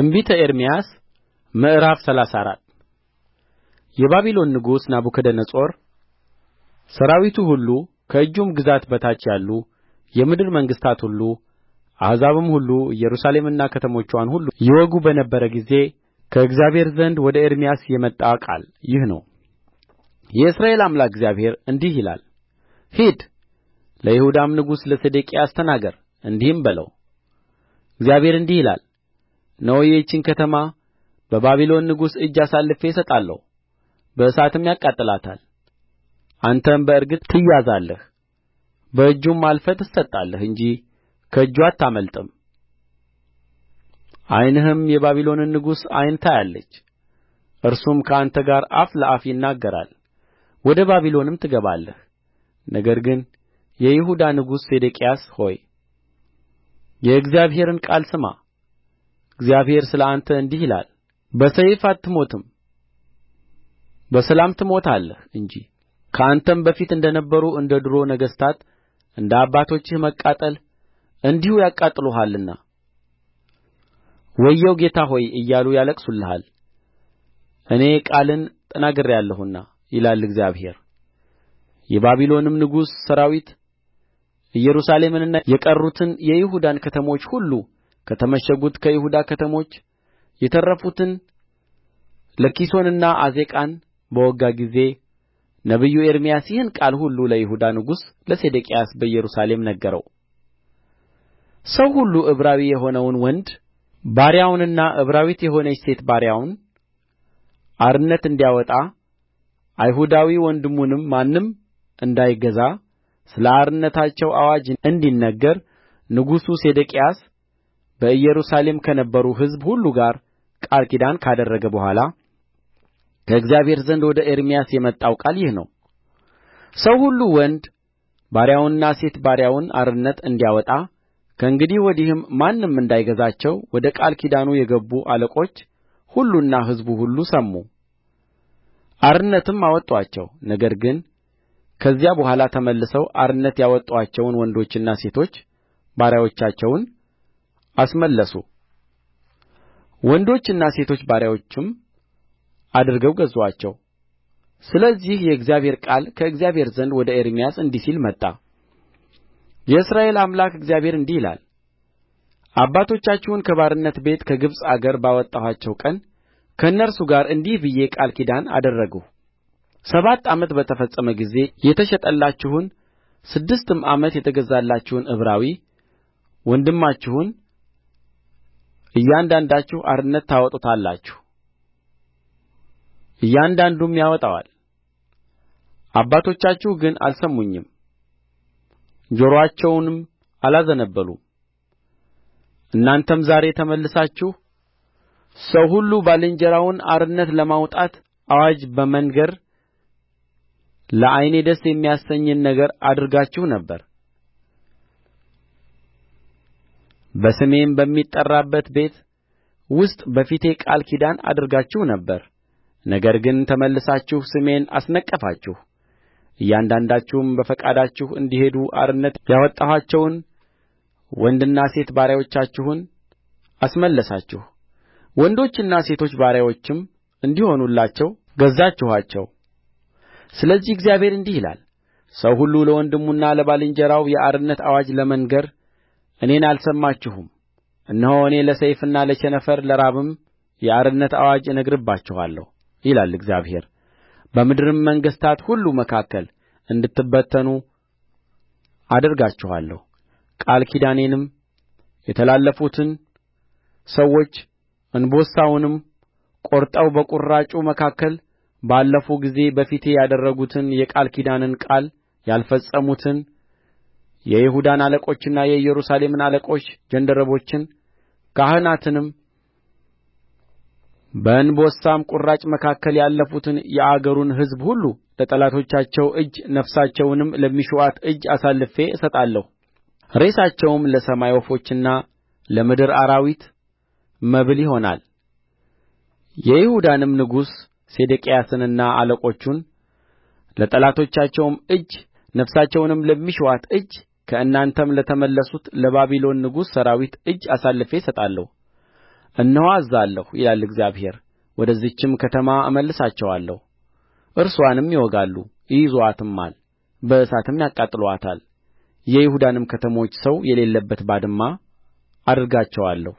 ትንቢተ ኤርምያስ ምዕራፍ ሰላሳ አራት የባቢሎን ንጉሥ ናቡከደነፆር ሠራዊቱ ሁሉ ከእጁም ግዛት በታች ያሉ የምድር መንግሥታት ሁሉ አሕዛብም ሁሉ ኢየሩሳሌምንና ከተሞችዋን ሁሉ ይወጉ በነበረ ጊዜ ከእግዚአብሔር ዘንድ ወደ ኤርምያስ የመጣ ቃል ይህ ነው የእስራኤል አምላክ እግዚአብሔር እንዲህ ይላል ሂድ ለይሁዳም ንጉሥ ለሴዴቅያስ ተናገር እንዲህም በለው እግዚአብሔር እንዲህ ይላል እነሆ ይህችን ከተማ በባቢሎን ንጉሥ እጅ አሳልፌ እሰጣለሁ በእሳትም ያቃጥላታል አንተም በእርግጥ ትያዛለህ በእጁም አልፈህ ትሰጣለህ እንጂ ከእጁ አታመልጥም ዓይንህም የባቢሎንን ንጉሥ ዓይን ታያለች እርሱም ከአንተ ጋር አፍ ለአፍ ይናገራል ወደ ባቢሎንም ትገባለህ ነገር ግን የይሁዳ ንጉሥ ሴዴቅያስ ሆይ የእግዚአብሔርን ቃል ስማ እግዚአብሔር ስለ አንተ እንዲህ ይላል በሰይፍ አትሞትም በሰላም ትሞታለህ እንጂ ከአንተም በፊት እንደ ነበሩ እንደ ዱሮ ነገሥታት እንደ አባቶችህ መቃጠል እንዲሁ ያቃጥሉሃልና ወየው ጌታ ሆይ እያሉ ያለቅሱልሃል እኔ ቃልን ተናግሬአለሁና ይላል እግዚአብሔር የባቢሎንም ንጉሥ ሠራዊት ኢየሩሳሌምንና የቀሩትን የይሁዳን ከተሞች ሁሉ ከተመሸጉት ከይሁዳ ከተሞች የተረፉትን ለኪሶንና ዓዜቃን በወጋ ጊዜ ነቢዩ ኤርምያስ ይህን ቃል ሁሉ ለይሁዳ ንጉሥ ለሴዴቅያስ በኢየሩሳሌም ነገረው ሰው ሁሉ ዕብራዊ የሆነውን ወንድ ባሪያውንና ዕብራዊት የሆነች ሴት ባሪያውን አርነት እንዲያወጣ አይሁዳዊ ወንድሙንም ማንም እንዳይገዛ ስለ አርነታቸው አዋጅ እንዲነገር ንጉሡ ሴዴቅያስ በኢየሩሳሌም ከነበሩ ሕዝብ ሁሉ ጋር ቃል ኪዳን ካደረገ በኋላ ከእግዚአብሔር ዘንድ ወደ ኤርምያስ የመጣው ቃል ይህ ነው ሰው ሁሉ ወንድ ባሪያውንና ሴት ባሪያውን አርነት እንዲያወጣ ከእንግዲህ ወዲህም ማንም እንዳይገዛቸው ወደ ቃል ኪዳኑ የገቡ አለቆች ሁሉና ሕዝቡ ሁሉ ሰሙ አርነትም አወጡአቸው ነገር ግን ከዚያ በኋላ ተመልሰው አርነት ያወጡአቸውን ወንዶችና ሴቶች ባሪያዎቻቸውን አስመለሱ ወንዶችና ሴቶች ባሪያዎችም አድርገው ገዙአቸው ስለዚህ የእግዚአብሔር ቃል ከእግዚአብሔር ዘንድ ወደ ኤርምያስ እንዲህ ሲል መጣ የእስራኤል አምላክ እግዚአብሔር እንዲህ ይላል አባቶቻችሁን ከባርነት ቤት ከግብጽ አገር ባወጣኋቸው ቀን ከእነርሱ ጋር እንዲህ ብዬ ቃል ኪዳን አደረግሁ ሰባት ዓመት በተፈጸመ ጊዜ የተሸጠላችሁን ስድስትም ዓመት የተገዛላችሁን ዕብራዊ ወንድማችሁን እያንዳንዳችሁ አርነት ታወጡታላችሁ እያንዳንዱም ያወጣዋል አባቶቻችሁ ግን አልሰሙኝም ጆሮአቸውንም አላዘነበሉም እናንተም ዛሬ ተመልሳችሁ ሰው ሁሉ ባልንጀራውን አርነት ለማውጣት አዋጅ በመንገር ለዓይኔ ደስ የሚያሰኝን ነገር አድርጋችሁ ነበር በስሜም በሚጠራበት ቤት ውስጥ በፊቴ ቃል ኪዳን አድርጋችሁ ነበር ነገር ግን ተመልሳችሁ ስሜን አስነቀፋችሁ እያንዳንዳችሁም በፈቃዳችሁ እንዲሄዱ አርነት ያወጣኋቸውን ወንድና ሴት ባሪያዎቻችሁን አስመለሳችሁ ወንዶችና ሴቶች ባሪያዎችም እንዲሆኑላቸው ገዛችኋቸው ስለዚህ እግዚአብሔር እንዲህ ይላል ሰው ሁሉ ለወንድሙና ለባልንጀራው የአርነት አዋጅ ለመንገር እኔን አልሰማችሁም እነሆ እኔ ለሰይፍና ለቸነፈር ለራብም የአርነት አዋጅ እነግርባችኋለሁ ይላል እግዚአብሔር በምድርም መንግሥታት ሁሉ መካከል እንድትበተኑ አደርጋችኋለሁ ቃል ኪዳኔንም የተላለፉትን ሰዎች እንቦሳውንም ቈርጠው በቍራጩ መካከል ባለፉ ጊዜ በፊቴ ያደረጉትን የቃል ኪዳንን ቃል ያልፈጸሙትን የይሁዳን አለቆችና የኢየሩሳሌምን አለቆች ጃንደረቦችን ካህናትንም በእንቦሳም ቍራጭ መካከል ያለፉትን የአገሩን ሕዝብ ሁሉ ለጠላቶቻቸው እጅ ነፍሳቸውንም ለሚሹአት እጅ አሳልፌ እሰጣለሁ ሬሳቸውም ለሰማይ ወፎችና ለምድር አራዊት መብል ይሆናል የይሁዳንም ንጉሥ ሴዴቅያስንና አለቆቹን ለጠላቶቻቸውም እጅ ነፍሳቸውንም ለሚሹአት እጅ ከእናንተም ለተመለሱት ለባቢሎን ንጉሥ ሠራዊት እጅ አሳልፌ እሰጣለሁ እነሆ አዝዛለሁ ይላል እግዚአብሔር ወደዚህችም ከተማ እመልሳቸዋለሁ እርስዋንም ይወጋሉ ይይዙአትማል በእሳትም ያቃጥሉአታል የይሁዳንም ከተሞች ሰው የሌለበት ባድማ አደርጋቸዋለሁ